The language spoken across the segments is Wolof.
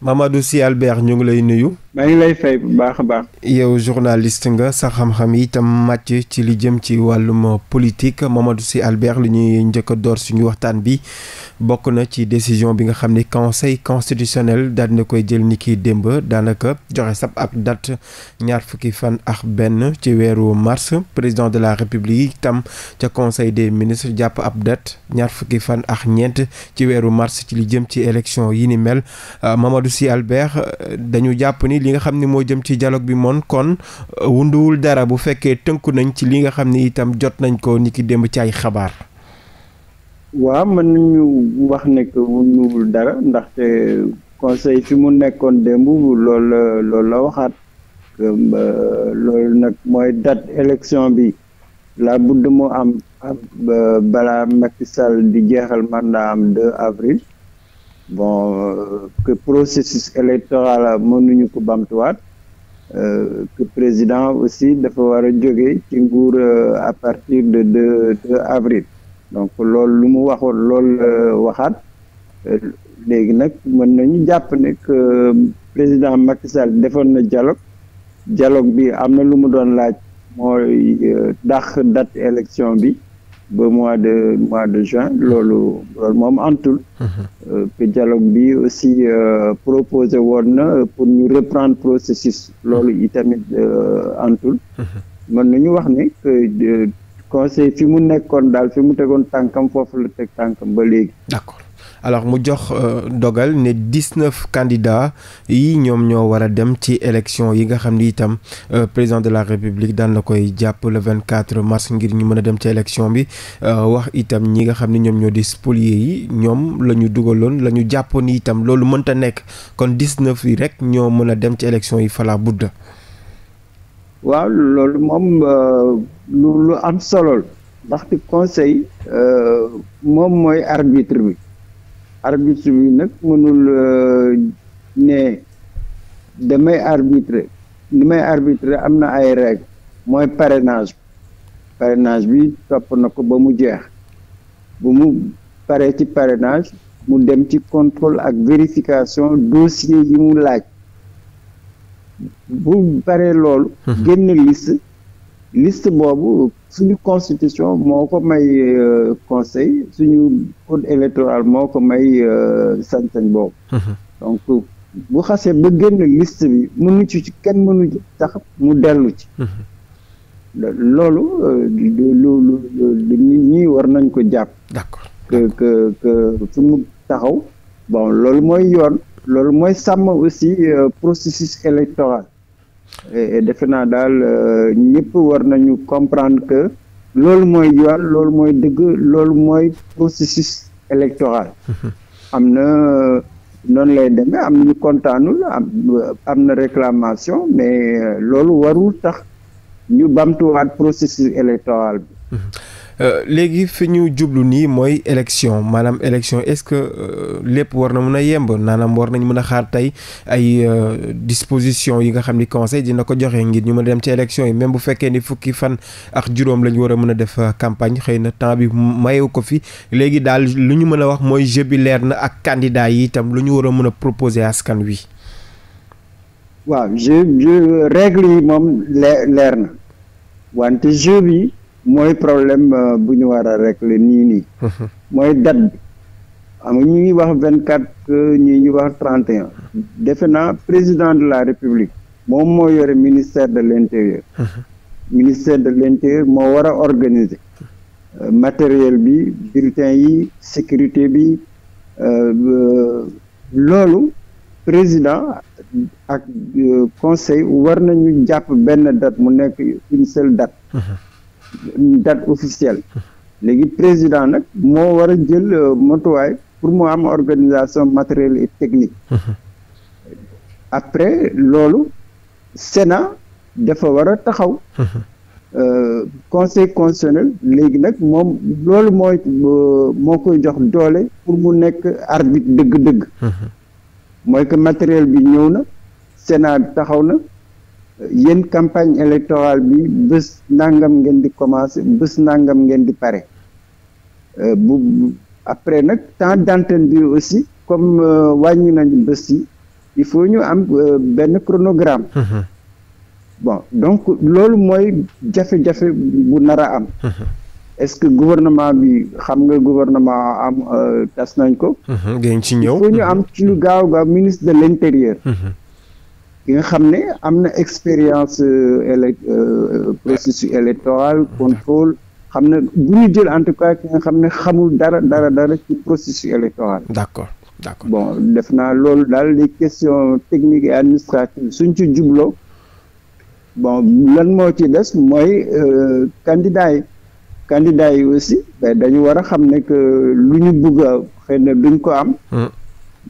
Mamadou Sy Albert ñu ngi lay nuyu. maa ngi lay fay bu baax a baax. yow journaliste nga sa xam-xam yi itam màcc ci li jëm ci wàllum politique Mamadou Sy Albert li ñuy njëkk a door suñu waxtaan bi bokk na ci décision bi nga xam ne conseil constitutionnel daal na koy jël ni kiy démb daanaka joxe sab ak dat ñaar fukki fan ak benn ci weeru mars président de la république itam ca conseil des ministre jàpp ab date ñaar fukki fan ak ñeent ci weeru mars ci li jëm ci élection yi mel Amadou Sy Albert euh, dañu jàpp ni li nga xam ne moo jëm ci dialogue bi moon kon euh, wunduwul dara bu fekkee tënku nañ ci li nga xam ni itam jot nañ ko ni démb ci ay xabaar. waaw mën nañu wax ne que wunduwul dara ndaxte conseil fi mu nekkoon démb loolu la loolu la waxaat. Euh, loolu nag mooy date élection bi la budd mu am balaa Macky Sall di jeexal mandat am 2 avril. bon euh, que processus électoral mënuñu ko bamtuwaat euh, que président aussi dafa war a jóge ci nguur euh, à partir de deux avril donc loolu lu mu waxoon loolu waxaat léegi nag mën nañu jàpp ne que président Macky defoon na dialogue dialogue bi am na lu mu doon laaj mooy dàq dat élection bi ba mois de mois de juin loolu loolu moom antul que mhm. euh, jaloog bi aussi euh, proposé woon na pour ñu reprendre processus loolu mhm. itamit euh, antul mhm. mën ñu wax ni que fi mu nekkoon daal fi mu tegoon tànkam foofu la teg tànkam ba léegi d'accord alors mu jox euh, dogal ne dix-neuf candidats yi ñoom ñoo war a dem ci élection yi nga xam ni itam euh, président de la république daan na koy jàpp le quatre mars ngir ñu mën a dem ci élection bi euh, wax itam ñi nga xam ni ñoom ñoo di spolier yi ñoom la ñu dugaloon la ñu jàppoon ni itam loolu mënta nekk kon dix-neuf yi rek ñoo mën a dem ci élection yi fala budda waaw loolu moom lu am solo ndaxte conseil moom mooy arbitre bi arbitre bi nag mënul euh, ne damay arbitrer li may arbitrer am na ay règles mooy parenage parenage bi topp na ko ba mu jeex bu mu paree ci parenage mu dem ci contrôle ak vérification dossier yi mu laaj bu paree loolu mhm. génn liste list boobu suñu constitution moo ko may euh, conseil suñu code électoral moo ko may euh, sañ-sañ boobu. Mhm. donc bu xasee ba génn liste bi mënu ci kenn mënu ci tax mu dellu ci. Mhm. loolu euh, lu lu lu nit ñi war nañ ko jàpp. d'accord que que que su mu taxaw bon loolu mooy yoon. loolu mooy sàmm aussi processus électoral. defe naa daal euh, ñëpp war nañu comprendre que loolu mooy yoon loolu mooy dëgg loolu mooy processus électoral. Mm-hmm. am na euh, noonu lay demee am na ñu kontaanul am euh, am na réclamation mais loolu warul tax ñu bamtuwaat processus électoral bi. Mm-hmm. Euh, léegi fi ñu jublu nii mooy élection maanaam élection est-ce que euh, lépp war na mën a yemb naanaam war nañ mën a xaar tey ay euh, disposition yi nga xam ni conseil dina ko joxe ngir ñu mën a dem ci élection yi même bu fekkee ni fukki fan ak juróom lañ war a mën a def campagne xëy na temps bi mayewu ko fi léegi daal lu ñu mën a wax mooy jeu bi leer na ak candidat yi itam lu ñu war a mën a proposer askan wi. waaw jeu jeu règle yi moom leer na wante jeu mooy problème euh, bu ñu war a régler nii nii. mooy date bi xam nga ñu ngi wax vingt quatre euh, ñii ñu wax trente et un. defe naa président de la république moom moo yore ministère de l' intérieur. ministère de l' moo war a organiser. Euh, matériel bi bulletin yi sécurité bi loolu président ak conseil war nañu jàpp benn date mu nekk une seule une date officielle léegi président nag moo war a jël euh, motuwaay pour mu am organisation matérielle et technique après loolu Sénat dafa war a taxaw euh, conseil constitutionnel léegi nag moom loolu mooy euh, moo koy jox doole pour mu nekk arbitre dëgg-dëgg mooy que matériel bi ñëw na Sénat taxaw na yéen campagne électorale bi bés nangam ngeen di commencé bés nangam ngeen di pare euh, bu après nag temps d'antenne bi aussi comme euh, wàññi nañu bés yi il faut ñu am euh, benn chronogramme mhm. bon donc loolu mooy jafe-jafe bu nar a am mhm. est-ce que gouvernement bi xam nga gouvernement am tas nañ ko mhm, ngeen ci ñëw il faut ñu am ci lu gaaw gaaw ministre de l'intérieur ki nga xam ne am na expérience euh, élec euh, processus électoral contrôle xam ne bu ñu jël en tout cas ki nga xam ne xamul dara dara dara ci processus électoral. d'accord d'accord bon def naa loolu daal di question techniques et administratives suñ ci jubloo bon lan moo ci des mooy euh, candidat yi. kandidaa yi aussi dañu war a xam ne que lu ñu bëgg a xëy na duñ ko am. Hmm.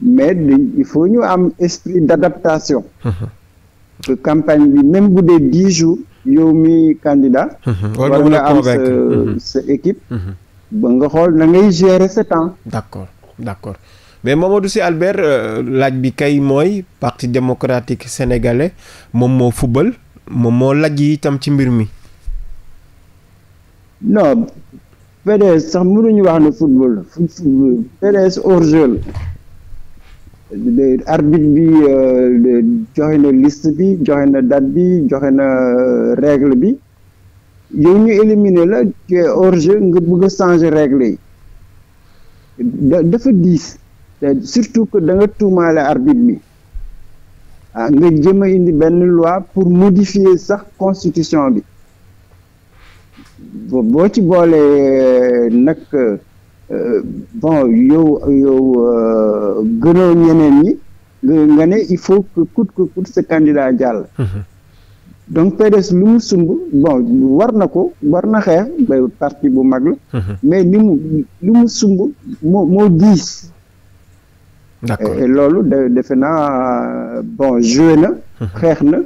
mais il faut ñu am esprit d'adaptation mm-hmm. campagne bi même bu dee dix jours yow mi candidat mm-hmm. war nga am sa mm-hmm. sa équipe ba nga xool na ngay gérer ce temps d'accord d'accord mais Mamadou Sy Albert euh, laaj bi kay mooy parti démocratique sénégalais moom moo fubal moom moo laj yi itam ci mbir mi non PDS sax mënuñu wax ne football football PDS hors arbitre bi euh, joxe na liste bi joxe na date bi joxe na euh, règle bi yow ñu éliminer la tu es nga bëgg a changer règle yi dafa diis surtout que da tuumaale arbitre bi ah nga jëm a indi benn loi pour modifier sax constitution bi boo ci boolee euh, nag bon yow yow euh, gënoo ñeneen ñi nga ne il faut que coûte que coûte candidat jàll. Mhm. donc PDS lu mu sumb bon war na ko war na xeex ba bu mag la. Mhm. mais li mu li mu sumb moo moo diis. loolu defe naa bon joué na. xeex na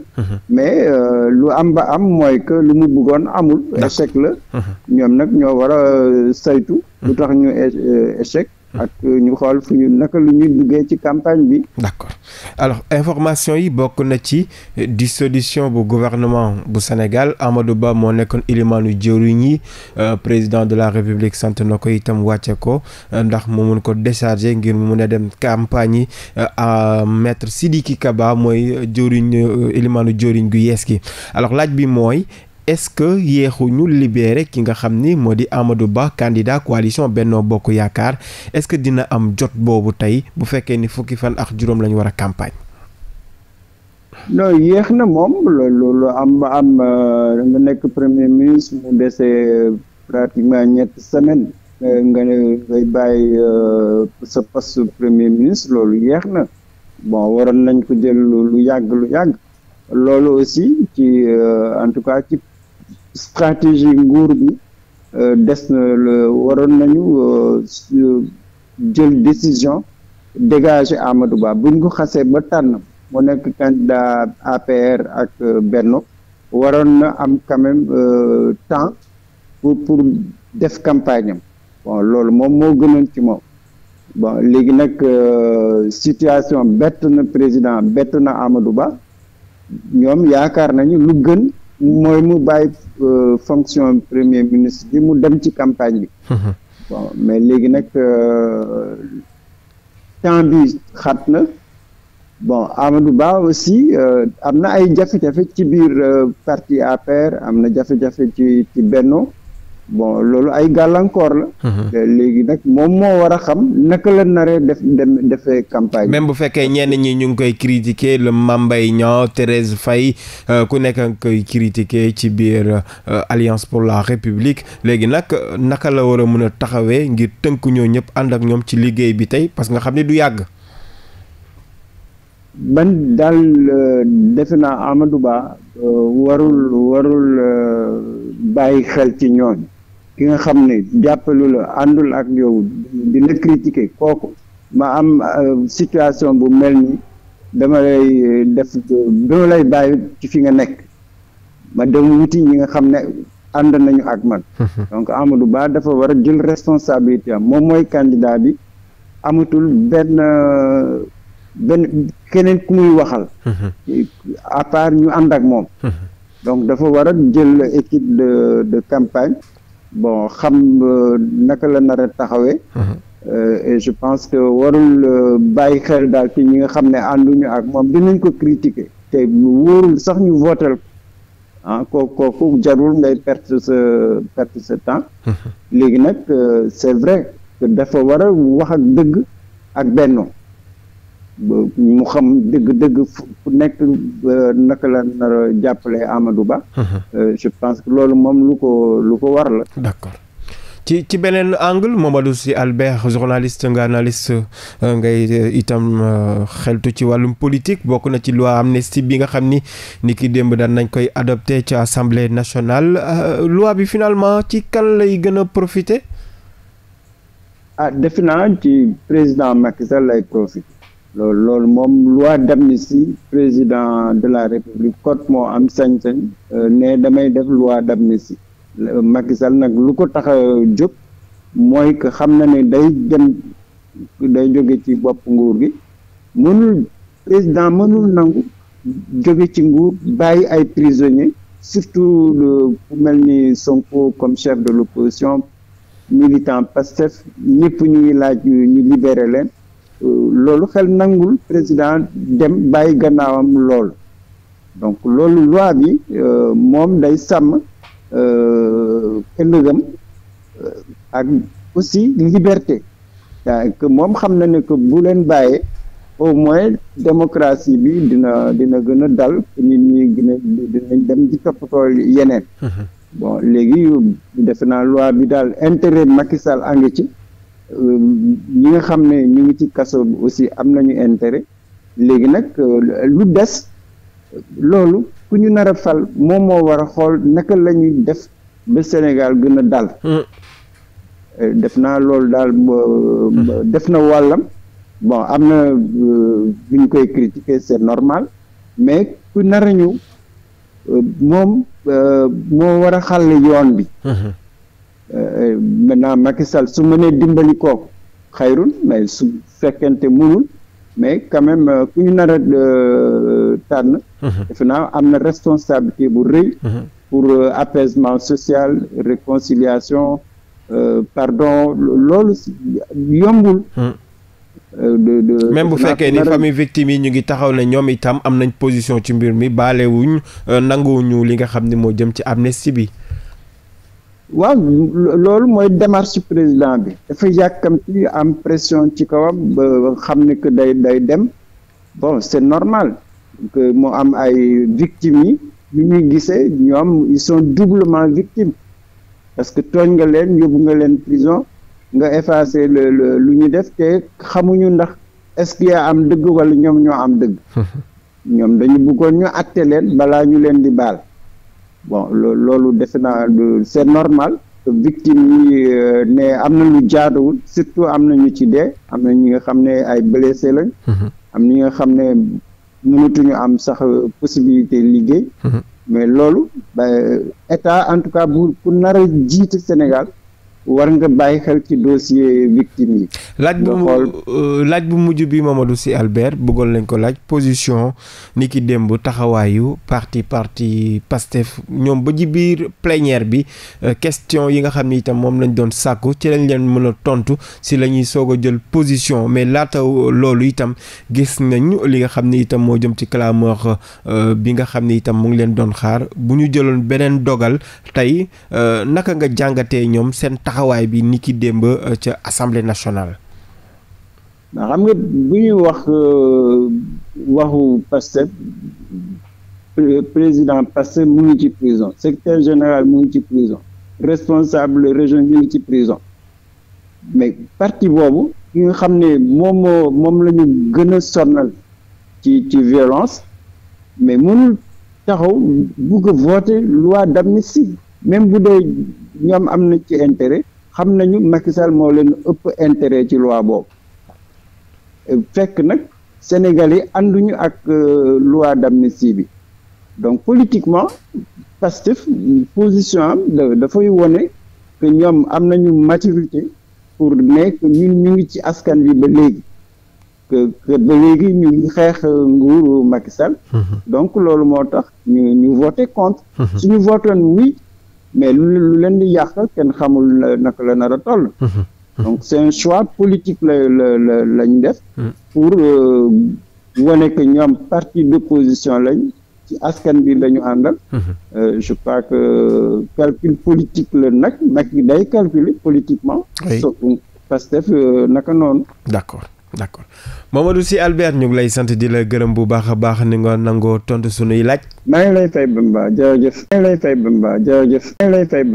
mais euh, lu am ba am mooy que lu mu bëggoon amul échec la mmh. ñoom nag ñoo war a euh, saytu lu mmh. tax ñu euh, échec ak ñu xool fu ñu naka lu ñuy duggee ci campagne bi. d'accord alors information yi bokk na ci dissolution bu gouvernement bu Sénégal Amadou Ba moo nekkoon ilimaanu jëwriñ yi euh, président de la République sant na ko itam wàcce ko euh, ndax moo mun ko décharger ngir mu mun a dem campagne yi euh, maître Sidiki Kaba mooy jëwriñ ilimaanu jëwriñ gu yees gi alors laaj bi mooy. est-ce que yéexuñu libéré ki nga xam ni moo di Amadou Ba candidat coalition Benno Bokk Yaakaar est-ce que dina am jot boobu tey bu fekkee ni fukki fan ak juróom lañu war a campagne. non yéex na moom loolu am am euh, nga nekk premier ministre mu dese euh, pratiquement ñett semaine euh, nga ne ngay bàyyi sa poste premier ministre loolu yéex na bon waroon nañ ko jël lu yàgg lu yàgg loolu aussi ci en tout cas ci. stratégie nguur bi euh, des na waroon nañu euh, jël décision dégager Amadou Ba buñ ko xasee ba tànn mu nekk candidat APR ak euh, Benno waroon na am quand même temps pour pour def campagne am bon loolu moom moo gënoon ci moom bon léegi nag euh, situation bett na président bett na amaduba ñoom yaakaar nañu lu gën mooy mu bàyyi euh, fonction premier ministre bi mu dem ci campagne bi. bon mais léegi nag euh, temps bi xat na bon Amadou baax aussi euh, am na ay jafe-jafe ci biir parti APR am na jafe-jafe ci ci Benno. bon loolu ay gàllankoor la. Mhm. léegi nag moom moo war a xam naka la naree def dem defee campagne même bu fekkee ñenn ñi ñu ngi koy critiquer le Mame Mbaye Niang Thérèse fay euh, ku nekk nga koy critiquer ci biir euh, Alliance pour la République léegi nag naka la war a mën a taxawee ngir tënk ñoo ñëpp ànd ak ñoom ci liggéey bi tey parce que nga xam ne du yàgg. ban daal euh, defe naa Amadou Ba warul warul bàyyi xel ci ñooñ ki nga xam ne jàppalu la àndul ak yow di la critiquer kooku ma am euh, situation bu mel ni dama lay euh, def dama lay bàyyi ci fi nga nekk ma dem wuti ñi nga xam ne ànd nañu ak man donc Amadou baa dafa war a jël responsabilité moom mooy candidat bi amatul benn euh, benn keneen ku muy waxal à part ñu ànd ak moom donc dafa war a jël équipe de de campagne bon xam euh, naka la nar a taxawee. Mhm. Euh, et je pense que warul euh, bàyyi xel daal ci ñi nga xam ne ànduñu ak moom nañ ko critiquer te wóorul sax ñu votel ah ko kooku jarul ngay perte sa perte sa temps. Mhm. léegi nag c'est vrai que dafa war a wax ak dëgg ak benno mu xam dëgg-dëgg fu nekk euh, naka la nar jàppale Amadou Ba. Euh, je pense que loolu moom lu ko lu ko war la. d'accord ci ci beneen angle Mamadou Sy Albert journaliste nga analyste euh, ngay itam xeltu ci wàllum politique bokk na ci loi amnistie bi nga xam ni ni ki démb daan nañ koy adopté ci assemblée nationale loi bi finalement ci kan lay gën a profité. ah defe naa ci président Macky Sall lay profité. loolu loolu moom loi d'amnistie président de la république kot moo am sañ-sañ euh, ne damay def loi d'amnistie Macky nag lu ko tax a jóg mooy que xam na ni day dem day jóge ci bopp nguur gi mënul président mënul nangu jóge ci nguur bàyyi ay prisonnier surtout ku mel ni Sonko comme chef de l'opposition militant Pastef ñëpp ñuy ngi laaj ñu libéré leen loolu xel nangul président dem bàyyi gannaawam lool donc loolu loi bi euh, moom day sàmm euh, ëllëgam euh, ak aussi liberté que moom xam na ne ko bu leen bàyyee au moins démocratie bi dina dina gën a dal nit ñi gën a dinañ dem di toppatoo yeneen bon léegi defe naa loi bi daal intérêt Macky Sall angi ci ñi nga xam ne ñu ngi ci kaso aussi am ñu intérêt léegi nag euh, lu des loolu ku ñu nar a fal moom moo war a xool naka la ñuy def ba Sénégal gën a dal. Hmm. Euh, def naa loolu daal hmm. def na wàllam bon am na euh, buñ koy critiquer c'est normal mais ku nara a ñëw moom moo war a xàll yoon bi. Hmm. Euh, euh, maintenant Macky Sall su mënee dimbali kooku xayrun mais su fekkente mënul mais quand même euh, ñu nar a tànn. Mhm. defe am na responsabilité bu rëy. Mhm. pour apaisement social réconciliation pardon loolu yombul. Mhm. de bu fekkee ni famille victime yi ñu ngi taxaw ne ñoom itam am nañ position ci mbir mi baale wuñ nanguwuñu li nga xam ni moo jëm ci am amnistie sibi waaw loolu mooy démarche président bi dafa yàkkamti am pression ci kawam ba xam ne que day day dem bon c'est normal que mu am ay victimes yi ñu ñuy gisee ñoom ils sont doublement victimes parce que tooñ nga leen yóbbu nga leen prison nga effacer lu ñu def te xamuñu ndax est yaa am dëgg wala ñoom ñoo am dëgg ñoom dañu buggoon ñu àtte leen balaa ñu leen di baal bon loolu defe naa c'est normal victime yi euh, ne am na lu jaaduwul surtout am na ñu ci dee am na ñi nga xam ne ay blessé lañ mm-hmm. am na nga xam ne mënatuñu am sax possibilité liggéey mm-hmm. mais loolu état en tout cas bu pour nar a jiite Sénégal war nga bàyyi xel ci dossier victime yi. laaj bu euh, laaj bu mujj bi Mamadou Sy Albert bëggoon lañ ko laaj position ni ki démb taxawaayu parti parti Pastef ñoom ba ji biir plénière bi euh, question yi nga xam ni itam moom lañ doon sàkku ci lañ leen mën a tontu si la ñuy soog a jël position mais laata loolu itam gis nañ li nga xam ni itam moo jëm ci clameur euh, bi nga xam ni itam mu ngi leen doon xaar bu ñu jëloon beneen dogal tey naka nga jàngatee ñoom seen taxawaay bi ni ki démb euh, ca assemblée nationale. ndax xam nga bu ñuy wax euh, waxu Pastef président Pastef mu ngi ci prison secrétaire général mu ngi ci prison responsable région ñu ngi ci prison mais parti boobu ki nga xam ne moom moom la ñu gën a sonal ci ci violence mais mënul taxaw bugg voter loi d'amnistie même bu dee ñoom am na ci intéret xam nañu Macky moo leen ëpp intéret ci loi boobu fekk nag Sénégal yi ànduñu ak euh, loi d'amnistie bi donc politiquement Pastef position am dafay wone que ñoom am nañu maturité pour ne que ñu ngi ci askan bi ba léegi que ba léegi ñu ngi xeex nguuru Macky donc loolu moo tax ñu ñu voté suñu votoon oui mais lu leen di yàq kenn xamul naka la nar a toll. Mhm. Mhm. donc c'est un choix politique la la la la def. Mhm. pour euh, wane que ñoom parti d'opposition lañ. ci askan bi lañu àndal. Euh, je crois que calcul politique la nag nag day calculer politiquement. oui so Pastef euh, naka noonu. d'accord. d' accord Mamadou Sy Albert ñu ngi lay sant di la gërëm bu baax a baax ni nga nangoo tontu sunuy laaj. maa ngi lay fay Bamba jërëjëf. maa ngi lay fay Bamba jërëjëf. maa ngi lay fay Bamba.